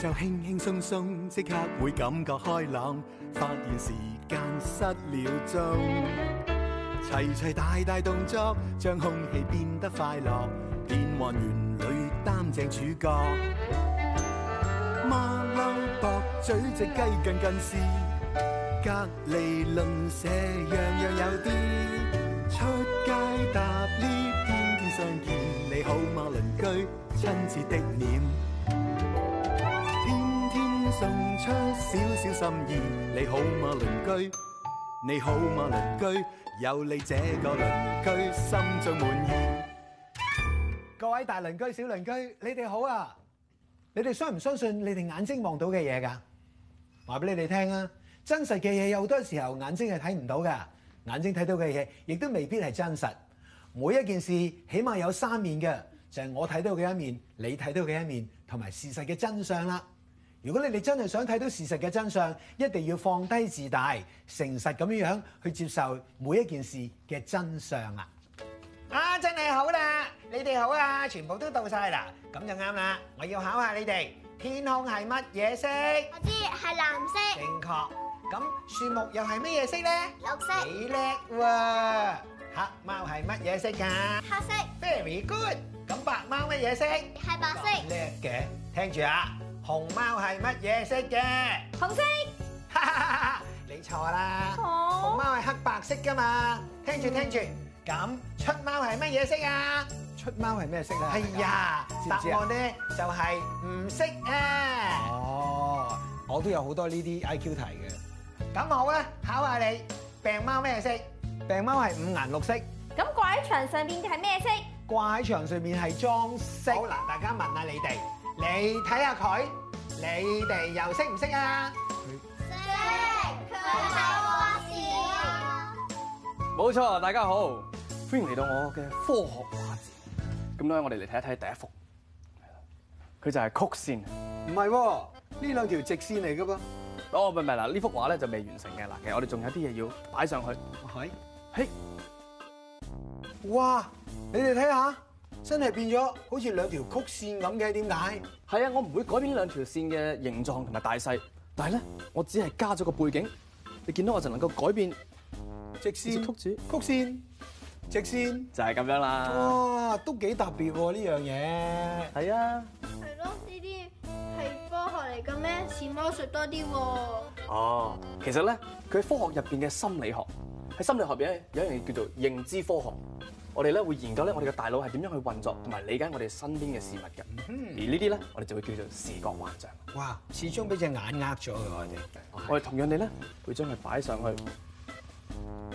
就輕輕鬆鬆，即刻會感覺開朗，發現時間失了蹤。齊齊大大動作，將空氣變得快樂，變幻園裏擔正主角。馬騮駁嘴隻雞近近視隔籬鄰舍樣樣有啲。出街搭 lift 天天相見，你好嗎？鄰居親切的臉。送出少少心意，你好嗎，鄰居？你好嗎，鄰居？有你這個鄰居，心中滿意。各位大鄰居、小鄰居，你哋好啊！你哋相唔相信你哋眼睛望到嘅嘢㗎？話俾你哋聽啊！真實嘅嘢有好多時候眼睛係睇唔到噶，眼睛睇到嘅嘢亦都未必係真實。每一件事起碼有三面嘅，就係我睇到嘅一面，你睇到嘅一面，同埋事實嘅真相啦。如果你哋真係想睇到事實嘅真相，一定要放低自大，誠實咁樣去接受每一件事嘅真相啊！啊，真係好啦，你哋好啊，全部都到晒啦，咁就啱啦。我要考下你哋，天空係乜嘢色？我知係藍色。正確。咁樹木又係乜嘢色呢？綠色。幾叻喎！黑貓係乜嘢色㗎？黑色。Very good。咁白貓乜嘢色？係白色。叻嘅，聽住啊！熊貓係乜嘢色嘅？紅色。哈哈哈！你錯啦。好。熊貓係黑白色噶嘛？聽住聽住。咁，出貓係乜嘢色啊？出貓係咩色啊？係呀。答案咧就係唔識啊。哦，我都有好多呢啲 IQ 題嘅。咁好啦，考下你。病貓咩色？病貓係五顏六色。咁掛喺牆上邊係咩色？掛喺牆上邊係裝飾。好嗱，大家問下你哋。你睇下佢。你哋又識唔識啊？係科學畫展，冇錯，大家好，歡迎嚟到我嘅科學畫展。咁咧，我哋嚟睇一睇第一幅，佢就係曲線，唔係？呢兩條直線嚟噶噃。哦，唔係，嗱，呢幅畫咧就未完成嘅。嗱，其實我哋仲有啲嘢要擺上去。係，嘿，哇，你哋睇下。真係變咗好似兩條曲線咁嘅，點解？係啊，我唔會改變兩條線嘅形狀同埋大細，但係咧，我只係加咗個背景。你見到我就能夠改變直線、曲線、曲線、直線，就係、是、咁樣啦。哇，都幾特別喎呢樣嘢。係啊。係咯，呢啲係科學嚟嘅咩？似魔術多啲喎、啊。哦，其實咧，佢喺科學入邊嘅心理學，喺心理學入邊咧，有一樣嘢叫做認知科學。我哋咧會研究咧，我哋嘅大腦係點樣去運作同埋理解我哋身邊嘅事物嘅、嗯。而這些呢啲咧，我哋就會叫做視覺幻象。哇！始終俾隻眼呃咗我哋。我哋同樣地咧，會將佢擺上去，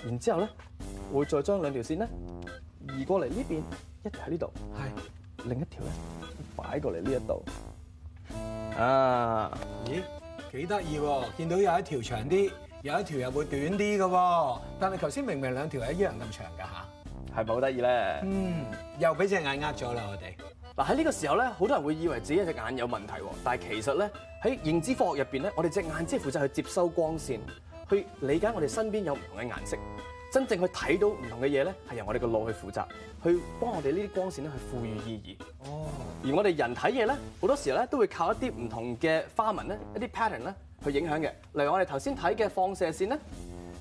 然之後咧，會再將兩條線咧移過嚟呢邊，一條喺呢度，係另一條咧擺過嚟呢一度。啊！咦？幾得意喎！見到有一條長啲，有一條又會短啲嘅。但係頭先明明兩條係一樣咁長㗎嚇。係咪好得意咧？嗯，又俾隻眼呃咗啦！我哋嗱，喺呢個時候咧，好多人會以為自己隻眼有問題喎。但係其實咧，喺認知科學入邊咧，我哋隻眼只負責去接收光線，去理解我哋身邊有唔同嘅顏色。真正去睇到唔同嘅嘢咧，係由我哋個腦去負責，去幫我哋呢啲光線咧去賦予意義。哦。而我哋人睇嘢咧，好多時候咧都會靠一啲唔同嘅花紋咧，一啲 pattern 咧去影響嘅。例如我哋頭先睇嘅放射線咧，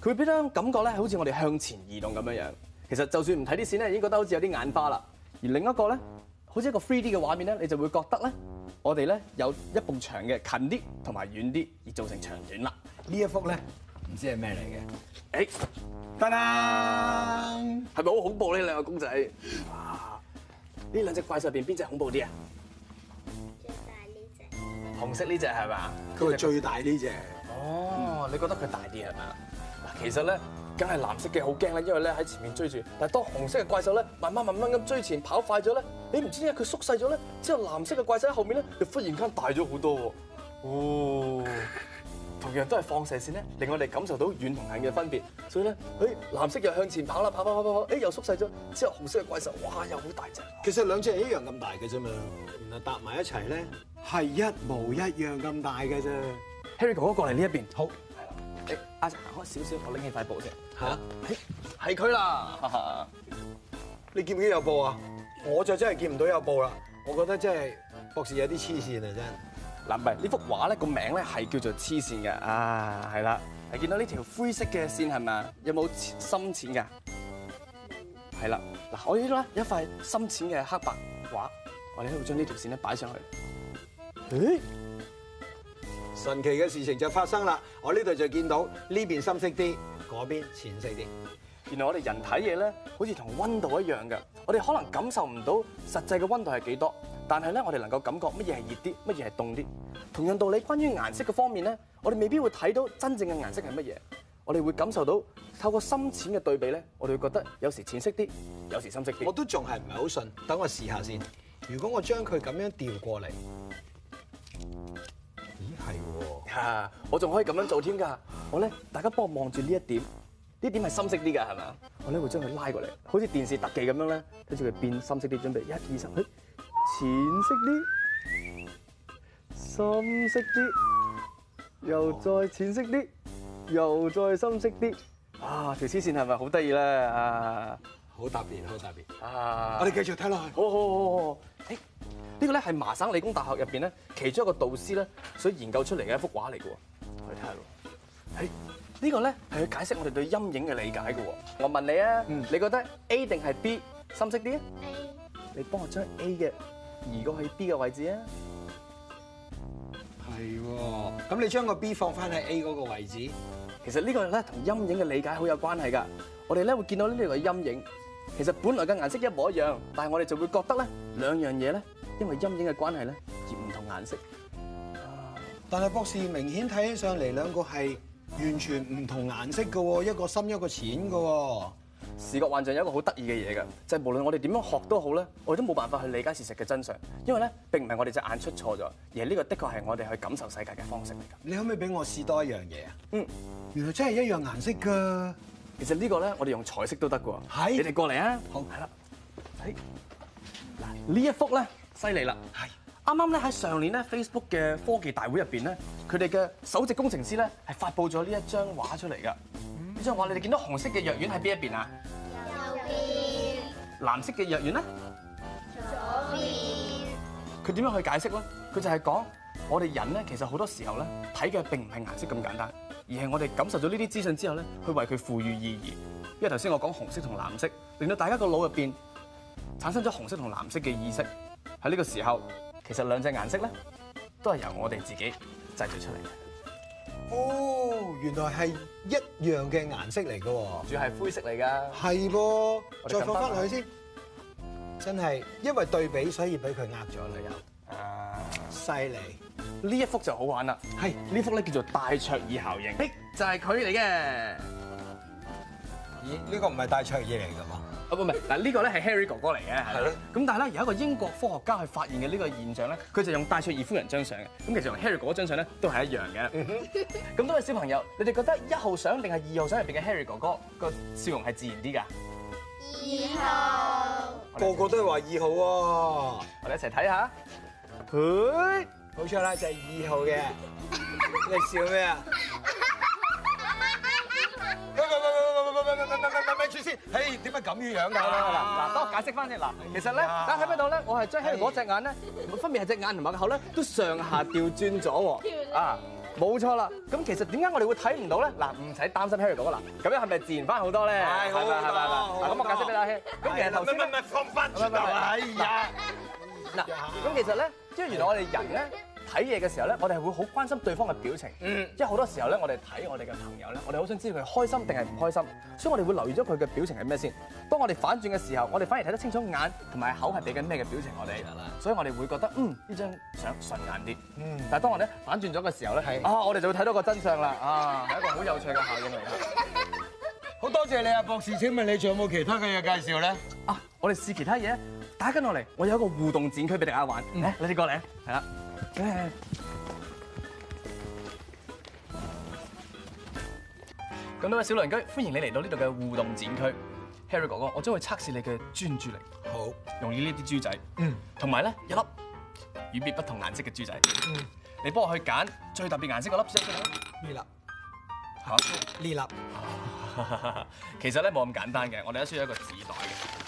佢會俾到一種感覺咧，好似我哋向前移動咁樣樣。其實就算唔睇啲線咧，已經覺得好似有啲眼花啦。而另一個咧，好似一個 3D 嘅畫面咧，你就會覺得咧，我哋咧有一埲牆嘅近啲同埋遠啲而造成長短啦。呢一幅咧，唔知係咩嚟嘅？誒、哎，得啦，係咪好恐怖呢兩個公仔？啊，呢兩隻怪獸入邊邊隻恐怖啲啊？最大呢隻，紅色呢隻係咪？佢係最大呢隻。哦，你覺得佢大啲係咪啊？嗱，其實咧。梗係藍色嘅好驚啦，因為咧喺前面追住，但係當紅色嘅怪獸咧，慢慢慢慢咁追前跑快咗咧，你唔知點解佢縮細咗咧，之後藍色嘅怪獸喺後面咧，就忽然間大咗好多喎。哇、哦！同樣都係放射線咧，令我哋感受到遠同近嘅分別。所以咧，誒藍色又向前跑啦，跑跑跑跑跑，誒又縮細咗，之後紅色嘅怪獸，哇，又好大隻。其實兩隻係一樣咁大嘅啫嘛，原來搭埋一齊咧係一模一樣咁大嘅啫。Harry 哥哥過嚟呢一邊，好，係啦，你、欸、阿 Sir 行開少少，我拎起塊布啫。係啊，係佢啦。 你見唔見有布啊？我就真係見唔到有布啦。我覺得真係博士有啲黐線啊！真嗱，唔係呢幅畫咧個名咧係叫做黐線嘅啊，係啦。係見到呢條灰色嘅線係咪啊？有冇深淺㗎？係啦。嗱，我呢度咧一塊深淺嘅黑白畫，我哋喺度將呢條線咧擺上去。咦？神奇嘅事情就發生啦！我呢度就見到呢邊深色啲。嗰邊淺色啲，原來我哋人睇嘢咧，好似同溫度一樣嘅，我哋可能感受唔到實際嘅溫度係幾多，但呢，但係咧我哋能夠感覺乜嘢係熱啲，乜嘢係凍啲。同樣道理，關於顏色嘅方面咧，我哋未必會睇到真正嘅顏色係乜嘢，我哋會感受到透過深淺嘅對比咧，我哋會覺得有時淺色啲，有時深色啲。我都仲係唔係好信，等我試下先。如果我將佢咁樣調過嚟。啊！我仲可以咁樣做添㗎！我咧，大家幫我望住呢一點，呢點係深色啲㗎，係咪？我咧會將佢拉過嚟，好似電視特技咁樣咧，睇住佢變深色啲，準備一、二、十，淺色啲，深色啲，又再淺色啲，又再深色啲。啊！條黐線係咪好得意咧？啊！好特別，好特別。啊！我哋繼續睇落去。好，好，好，好。呢個咧係麻省理工大學入邊咧其中一個導師咧所研究出嚟嘅一幅畫嚟嘅喎，睇下咯。係呢個咧係去解釋我哋對陰影嘅理解嘅喎。我問你啊，你覺得 A 定係 B 深色啲？你幫我將 A 嘅移過去 B 嘅位置啊。係喎。咁你將個 B 放翻喺 A 嗰個位置。其實呢個咧同陰影嘅理解好有關係㗎。我哋咧會見到呢度嘅陰影，其實本來嘅顏色一模一樣，但係我哋就會覺得咧兩樣嘢咧。因為陰影嘅關係咧，而唔同顏色。但係博士明顯睇起上嚟，兩個係完全唔同顏色噶，一個深一個淺噶。視覺幻象有一個好得意嘅嘢噶，就係、是、無論我哋點樣學都好咧，我哋都冇辦法去理解事實嘅真相。因為咧，並唔係我哋隻眼出錯咗，而呢個的確係我哋去感受世界嘅方式嚟噶。你可唔可以俾我試多一樣嘢啊？嗯，原來真係一樣顏色噶。其實這個呢個咧，我哋用彩色都得噶。係。你哋過嚟啊。好。係啦。嚟，嗱呢一幅咧。犀利啦！係啱啱咧喺上年咧 Facebook 嘅科技大會入邊咧，佢哋嘅首席工程師咧係發佈咗呢一張畫出嚟嘅。呢張畫你哋見到紅色嘅藥丸喺邊一邊啊？右邊。藍色嘅藥丸咧，左邊。佢點樣去解釋咧？佢就係講我哋人咧，其實好多時候咧睇嘅並唔係顏色咁簡單，而係我哋感受咗呢啲資訊之後咧，去為佢賦予意義。因為頭先我講紅色同藍色，令到大家個腦入邊產生咗紅色同藍色嘅意識。喺呢個時候，其實兩隻顏色咧，都係由我哋自己製造出嚟嘅。哦，原來係一樣嘅顏色嚟嘅，主要係灰色嚟㗎。係噃，再放翻落去先。真係，因為對比，所以俾佢呃咗你又。啊，犀利！呢一幅就好玩啦，係呢幅咧叫做戴卓爾效應，係就係佢嚟嘅。咦，呢、呢個唔係戴卓爾嚟㗎嘛？唔係嗱，呢、這個咧係 Harry 哥哥嚟嘅，係咯。咁但係咧，由一個英國科學家去發現嘅呢個現象咧，佢就用戴卓爾夫人張相嘅。咁其實和 Harry 嗰張相咧都係一樣嘅。咁多位小朋友，你哋覺得一號相定係二號相入邊嘅 Harry 哥哥，個笑容係自然啲㗎？二號。個個都係話二號喎，啊， 我哋一齊睇下。佢，好彩啦，就係二號嘅。 你笑咩啊？誒，點解咁樣樣㗎？嗱，嗱，等我解釋翻先嗱。其實咧，大家睇唔到咧，我係 Jackie 嗰隻眼咧，分別係隻眼同埋個口咧，都上下掉轉咗喎，啊，冇錯啦。咁其實點解我哋會睇唔到咧？嗱，唔使擔心，Harry 到啊，嗱，咁樣係咪自然翻好多咧？係，係啦，係啦，係啦。嗱，咁我解釋俾你聽。咁其實頭先咩咩咩放翻轉頭啊？哎呀，嗱，咁其實咧，即係原來我哋人咧。睇嘢嘅時候咧，我哋係會好關心對方嘅表情，嗯，即係好多時候咧，我哋睇我哋嘅朋友咧，我哋好想知道佢開心定係唔開心，所以我哋會留意咗佢嘅表情係咩先。當我哋反轉嘅時候，我哋反而睇得清楚眼同埋口係俾緊咩嘅表情，我哋，所以我哋會覺得嗯，呢張相順眼啲，嗯。但係當我哋反轉咗嘅時候咧，係啊，我哋就會睇到個真相啦，啊係一個好有趣嘅效應嚟。 好多謝你啊，博士。請問你仲有冇其他嘅嘢介紹咧？啊，我哋試其他嘢，大家跟落嚟。我有一個互動展區俾大家玩，嗯，你哋過嚟，係啦。咁、嗯、多、嗯、位小鄰居，歡迎你嚟到呢度嘅互動展區。Harry 哥哥，我將會測試你嘅專注力。好，用呢啲豬仔，嗯，同埋咧一粒與別不同顏色嘅豬仔，嗯，你幫我去揀最特別顏色嗰粒先。呢粒，吓，呢粒， 其實咧冇咁簡單嘅，我哋都需要一個紙袋。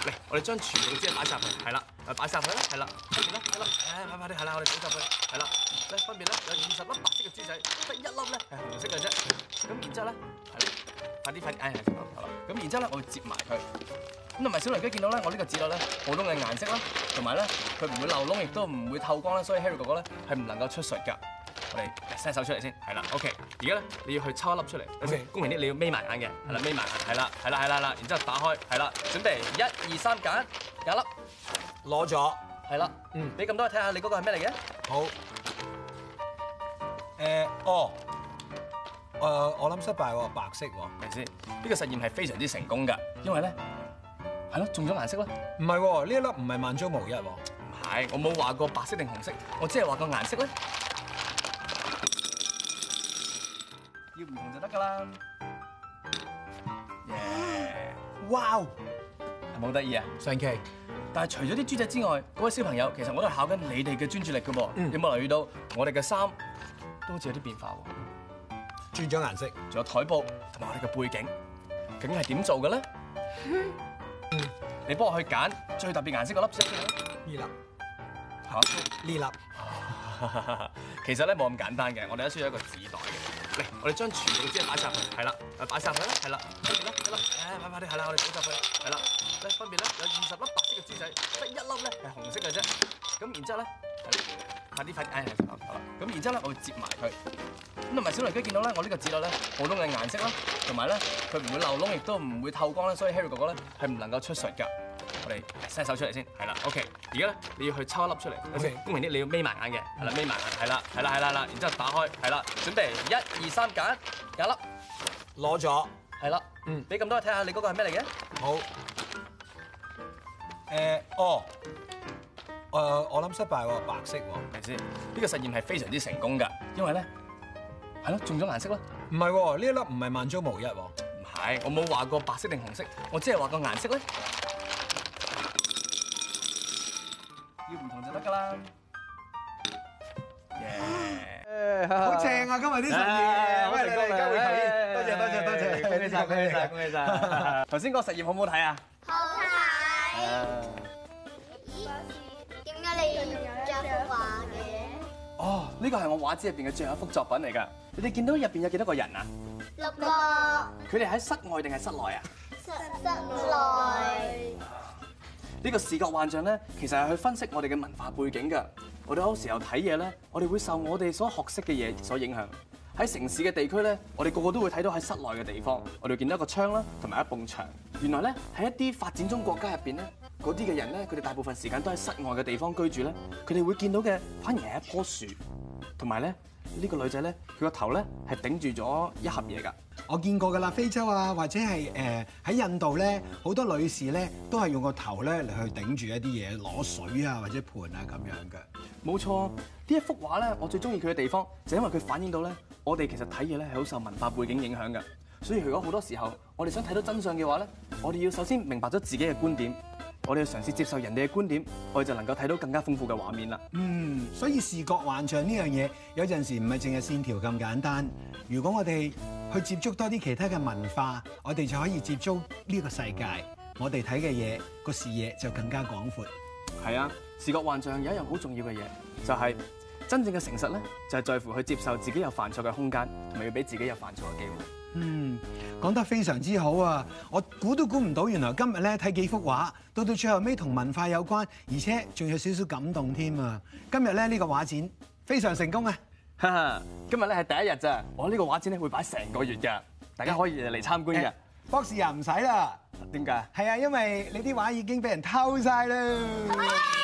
嚟，我哋將全部嘅珠擺曬佢，係啦，擺曬佢啦，係啦，分別啦，係啦，快啲，係啦，我哋倒曬佢，係啦，嚟分別啦，有二十粒白色嘅珠仔，得一粒咧係紅色嘅啫，咁然之後咧，係啦，快啲快啲，哎，係啦，係啦，咁然之後咧，我會接埋佢，咁同埋小龍哥見到咧，我呢個紙袋咧，普通嘅顏色啦，同埋咧，佢唔會漏窿，亦都唔會透光啦，所以 Harry 哥哥咧係唔能夠出術㗎。嚟伸隻手出嚟先，係啦，OK。而家咧，你要去抽一粒出嚟、OK，公平啲，你要眯埋眼嘅，係啦，眯、嗯、埋眼，係啦，係啦，係啦，然之後打開，係啦，準備 1, 2, 3, 一、二、三，揀，一粒，攞咗，係啦，嗯，俾咁多睇下，看看你嗰個係咩嚟嘅？好，誒、呃，哦，誒，我諗失敗喎，白色喎，係先。呢、這個實驗係非常之成功㗎，因為咧，係咯，中咗顏色啦。唔係喎，呢一粒唔係萬中無一喎。唔係，我冇話過白色定紅色，我只係話個顏色咧。要唔同就得噶啦！耶，哇，冇得意啊，上期。但係除咗啲豬仔之外，各位小朋友，其實我都係考緊你哋嘅專注力噶噃。嗯、有冇留意到我哋嘅衫都好似有啲變化喎？轉咗顏色，仲有台布同埋我哋嘅背景，究竟係點做嘅咧、嗯？你幫我去揀最特別顏色個粒色。呢粒，好、啊，呢粒。 其實咧冇咁簡單嘅，我哋都需要一個紙袋。嚟，我哋將全部紙啊擺曬佢，係啦，啊擺曬佢啦，係啦，分別咧，係啦，誒快快啲，係啦，我哋擺曬佢，係啦，嚟分別咧，有二十粒白色嘅珠仔，得一粒咧係紅色嘅啫，咁然之後咧，快啲快，誒，好啦，咁然之後咧，我會折埋佢，咁同埋小鄰居見到咧，我呢個紙袋咧，普通嘅顏色啦，同埋咧，佢唔會漏窿，亦都唔會透光啦，所以 Harry 哥哥咧係唔能夠出術㗎。我哋伸隻手出嚟先，係啦，OK。而家咧，你要去抽一粒出嚟，OK。公平啲。你要眯埋眼嘅，係啦，眯埋眼，係啦，係啦，係啦啦。然之後打開，係啦，準備一、二、三，揀揀一粒，攞咗，係啦，嗯，俾咁多你睇下，你嗰個係咩嚟嘅？好，誒，哦，誒，我諗失敗喎，白色喎，係咪先？呢個實驗係非常之成功噶，因為咧，係咯，中咗顏色咯。唔係喎，呢一粒唔係萬中無一喎。唔係，我冇話過白色定紅色，我只係話個顏色咧。要唔同就得㗎啦，好正啊！今日啲實驗，喂，你哋而家回頭先，多謝多謝多謝，恭喜晒恭喜晒恭喜晒！頭先個實驗好唔好睇啊？好睇。咦？點解你仲有一張畫嘅？哦，呢個係我畫紙入邊嘅最後一幅作品嚟㗎。你哋見到入邊有幾多個人啊？六個。佢哋喺室外定係室內啊？室室內。呢個視覺幻象呢，其實係去分析我哋嘅文化背景㗎。我哋有時候睇嘢呢，我哋會受我哋所學識嘅嘢所影響。喺城市嘅地區呢，我哋個個都會睇到喺室內嘅地方，我哋見到一個窗啦，同埋一埲牆。原來呢，喺一啲發展中國家入邊呢，嗰啲嘅人呢，佢哋大部分時間都喺室外嘅地方居住呢，佢哋會見到嘅反而係一棵樹，同埋呢。呢個女仔咧，佢個頭咧係頂住咗一盒嘢㗎。我見過㗎啦，非洲啊，或者係誒喺印度咧，好多女士咧都係用個頭咧嚟去頂住一啲嘢攞水啊，或者盤啊咁樣嘅。冇錯，呢一幅畫咧，我最中意佢嘅地方就因為佢反映到咧，我哋其實睇嘢咧係好受文化背景影響嘅。所以如果好多時候我哋想睇到真相嘅話咧，我哋要首先明白咗自己嘅觀點。我哋要嘗試接受人哋嘅觀點，我哋就能夠睇到更加豐富嘅畫面啦。嗯，所以視覺幻象呢樣嘢，有陣時唔係淨係線條咁簡單。如果我哋去接觸多啲其他嘅文化，我哋就可以接觸呢個世界，我哋睇嘅嘢個視野就更加廣闊。係啊，視覺幻象有一樣好重要嘅嘢，就係真正嘅誠實咧，就係在乎去接受自己有犯錯嘅空間，同埋要俾自己有犯錯嘅機會。嗯，講得非常之好啊！我估都估唔到，原來今日咧睇幾幅畫，到到最後尾同文化有關，而且仲有少少感動添啊！今日咧呢個畫展非常成功啊！哈哈，今日咧係第一日咋，我呢個畫展咧會擺成個月㗎，大家可以嚟參觀嘅。博士，又唔使啦。點解？係啊，因為你啲畫已經俾人偷晒啦。哎